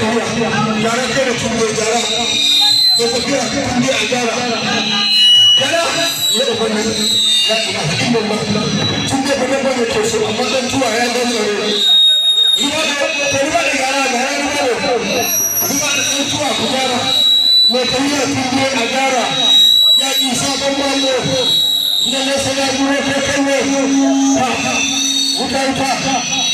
jara kere kunde jara ko ko kira kunde a jara jara ya da bane ya ina hakkin Allah kunde bane bane to so amma dan tuwa ya dan tsare ina da tarwa da gara da ran da ko kuma da dan tuwa ku jara ne kariya kunde a jara ya isa ban mallo ina ne sai ya duro ko kanne ha wuta ta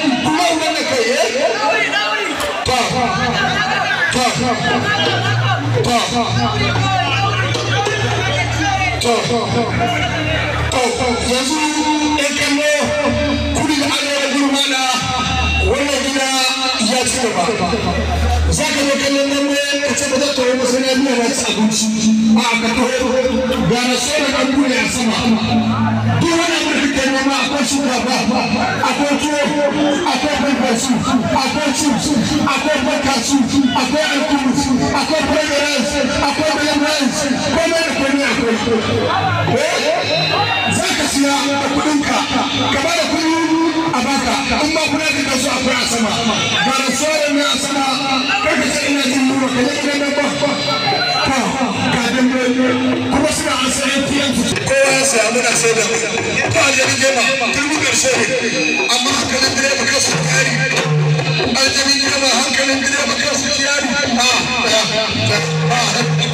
Yesu ekemo kuri ala gurumana wannan gida ya ci gaba za ka zo kallon nan ne ka ce ba zan tawo ba sai na biya ci abinci a ka tawo ga na so da ɗan a sama duk wani abu da kake nema akwai shinkafa akwai tuwo akwai bambanci akwai chips akwai bakasu akwai alkulu akwai bread rice akwai bayan rice da komai akwai eh? za ka siya da ka ba da kuɗin a baka in ba kuna jin kaso akwai a sama ga da sauran a sama kaka ce ina jin nuna ka yi ina nan ba ka ka dambe kuma suna an sa ATM su kowa ya saya muna sai da a jani gema turbugar shehu amma hankalin direba kasu kari aljamin hankalin kasu a ba a hankalin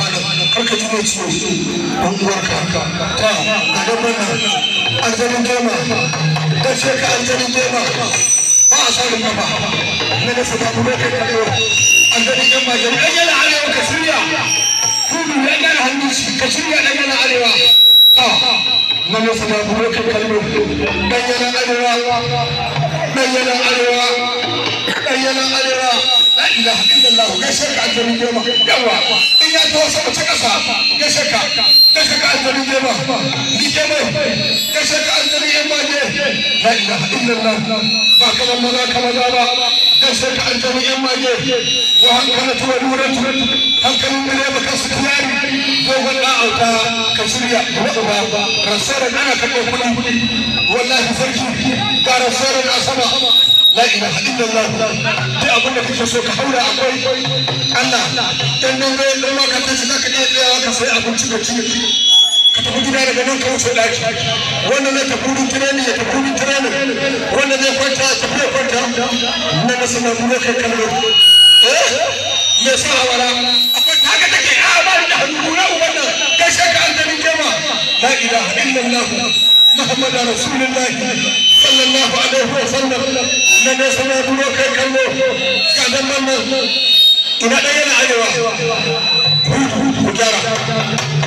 karka ji mai ciwo an uwarka ta a gaban nan aljamin gema bashe ka aljanin goma ba a samun ba na da suka kuma kai karewa aljanin yan majani ɗan yana arewa ka shirya kudu ɗan yana shi ka shirya ɗan yana arewa na da suka kuma kai karewa ɗan yana arewa ɗan yana arewa ɗan yana arewa ilaha illallah gaishe ka annabi gema yawa in ya taho sama ta kasa gaishe ka gaishe ka annabi gema ni ke mai gaishe ka annabi gema ne la ilaha illallah ba kamar maza kamar ba ƙarshen ka an jami yan maye wa hankali tuwa duran hankalin mu ne baka su tiyari dogon da auta ka shirya na uba rasarar ana karɓar kuɗi wallahi sarki ga rasarar na sama la ilaha illallah duk abin da kake so ka haura akwai Allah dan nan ga yadda ma ka tashi zaka iya tsayawa ka sai abinci ka ci ka gida daga nan ka wuce ɗaki wanda zai tafi wurin tirani ya tafi wanda zai kwanta ya tafi ya kwanta na masu na kai kallo ya eh? sa wara akwai haka take a ba da hannu gura uban nan kai shaka an tabi jama la ilaha illallah محمد رسول الله صلى الله عليه وسلم لن يسمع بلوك كلمه قال لنا ina ɗaya na arewa ku gyara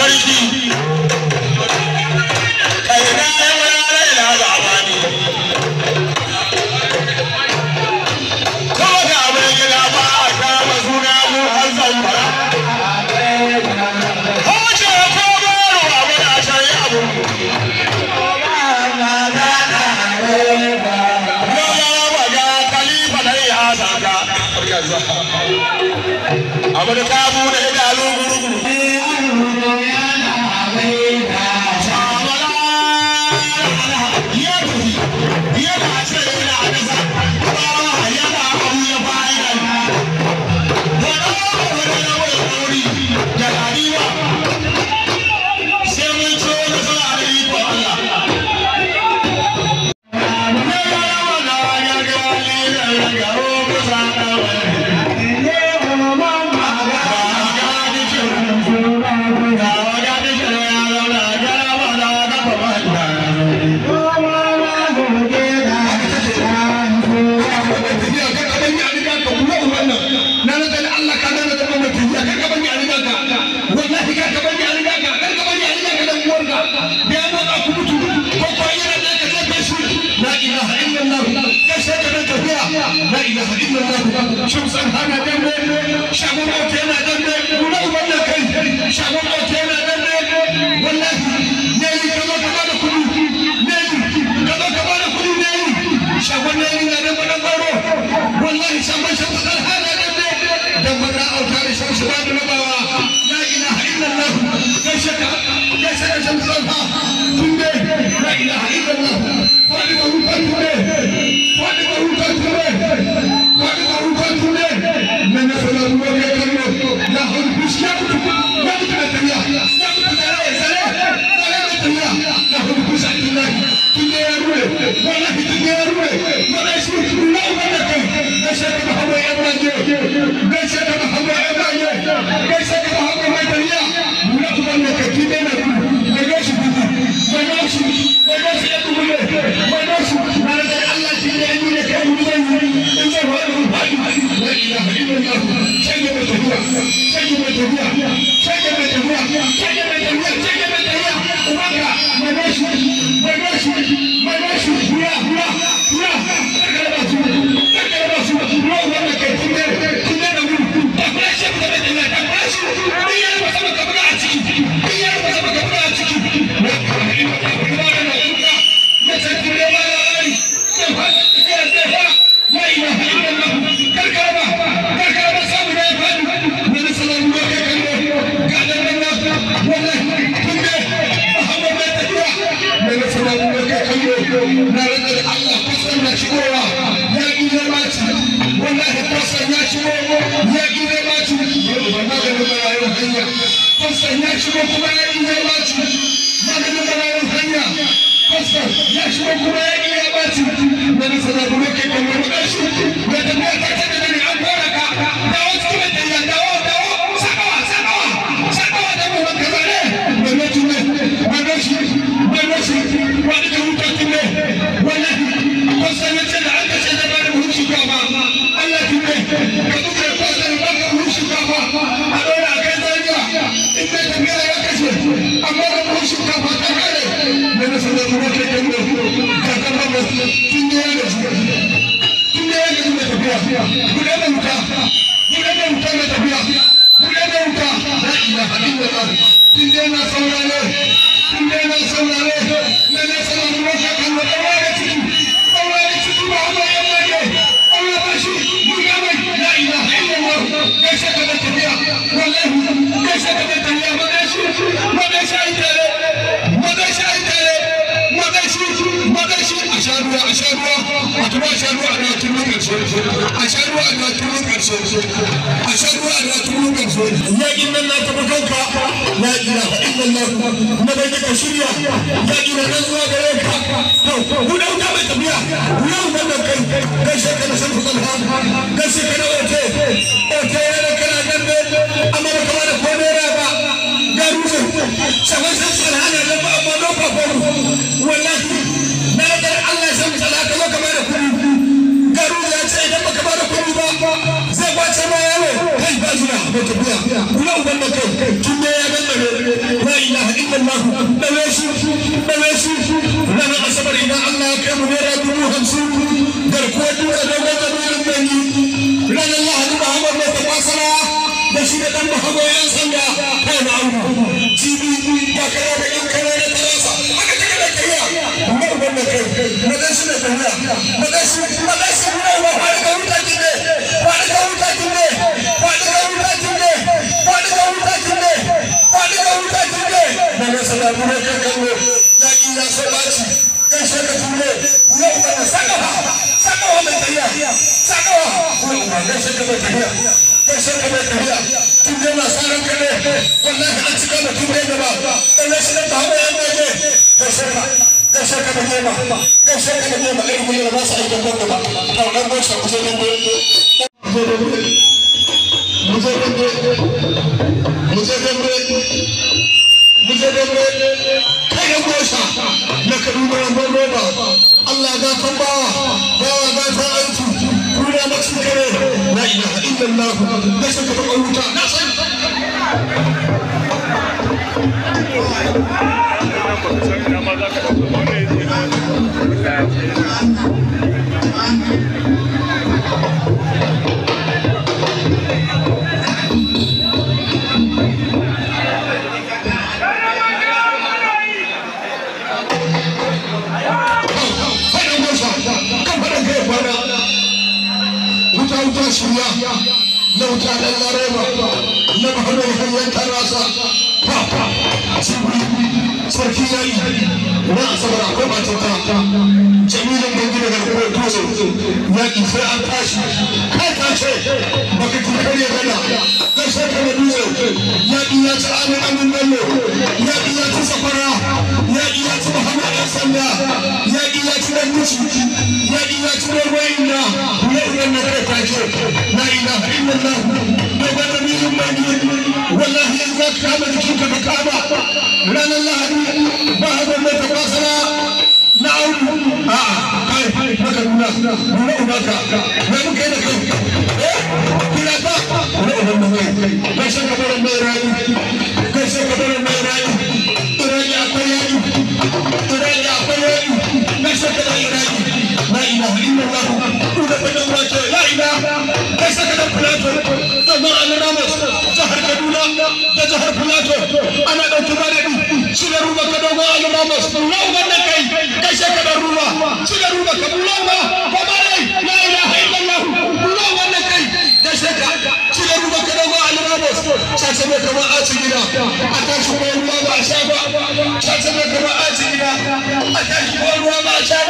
sarki kaina yau ya raina da ko ba a kama suna mu har zamfara hoce ko baro abu da shari'a abu Abu da kawo inna Allah shamsan hana dambe shagon auta yana dambe nuna uban da kai shagon auta yana dambe wallahi ne yi kama kama da kudu ne yi kama kama da kudu ne yi shagon ne yi na dambe na baro wallahi shagon shamsan hana dambe dambe na auta da shamsu ba da rabawa la ilaha illallah gaishe ka gaishe ka shamsan 再给你们推荐。ya ki zai baci maganin marayun hanya pastor ya shigo kuma ya ki zai baci maganin marayun Guten na tuno karshe a shan ruwa na tuno karshe yaƙin nan na taɓa kanka na ina faɗin nan na ka ba shiga tafiya kula uban da kai tun da ya gangare la ilaha illallah dawe shi dawe shi ranar asabar idan Allah ya kai mu naira dubu hamsin garkuwar duka dogon da durin dangi ranar lahadi Muhammad mai tabbasara dan Muhammad yan sanda kai na aure alamu ya so ɓaci kan sakawa sakawa mai tafiya sakawa wuya uba kan shaka mai tafiya kan shaka mai tafiya tunde na saran kane wallahi an cika da tunde shi na tawo ya maje kan shaka kan da nema kan shaka da nema ɗan kuma yana ba su aikin gwamna ba kan ko. wuta dan yaro ba na bahano kan yankan rasa fa fa sarki yayi na asabar akwai bacin ta jamilin bangi daga kuma dutse yaki sai an tashi kai ka ce baka tukar ya gana kai sai ka dutse yaki ya ci amin amin bello yaki ya ci safara yaƙi ya ci hannu ɗan sanda yaƙi ya ci ɗan muciki yaƙi ya na ɗan wayin ah, na ya ɗan na kai take la na illallah mai ba dalilin mai ne wallahi yanzu za ka kama jikin ka kama ranar lahadi ba haɗar mai tafasara na auru a'a kai maka nuna nuna ubaka ya muka yi da kai kira ba nuna uban mai kai shan kabarin mai sugar ruba ka dogo a gaba ba da kai kai shekarar ruba sugar ruba ka ba ko ba la ilaha illallah da kai da sheka ruba ka dogo a gaba ba a ci a ba a sha ba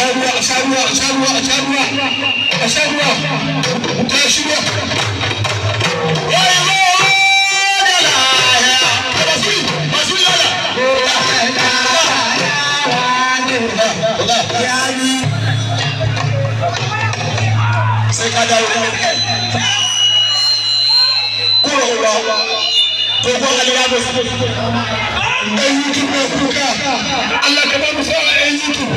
Samuel, Samuel, Samuel, Samuel, Samuel, Samuel. Hey, man. Say, I don't know. Good old a Lagos ɗan YouTube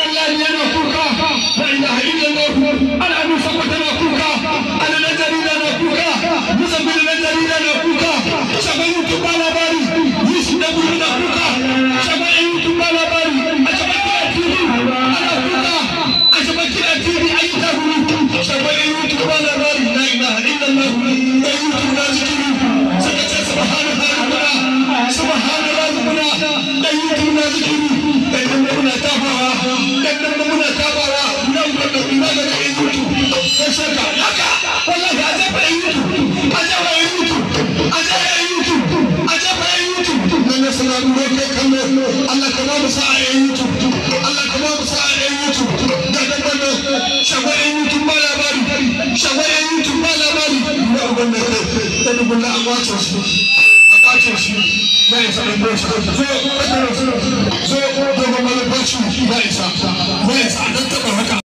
Allah yana mutane gulla a kwace su a kwace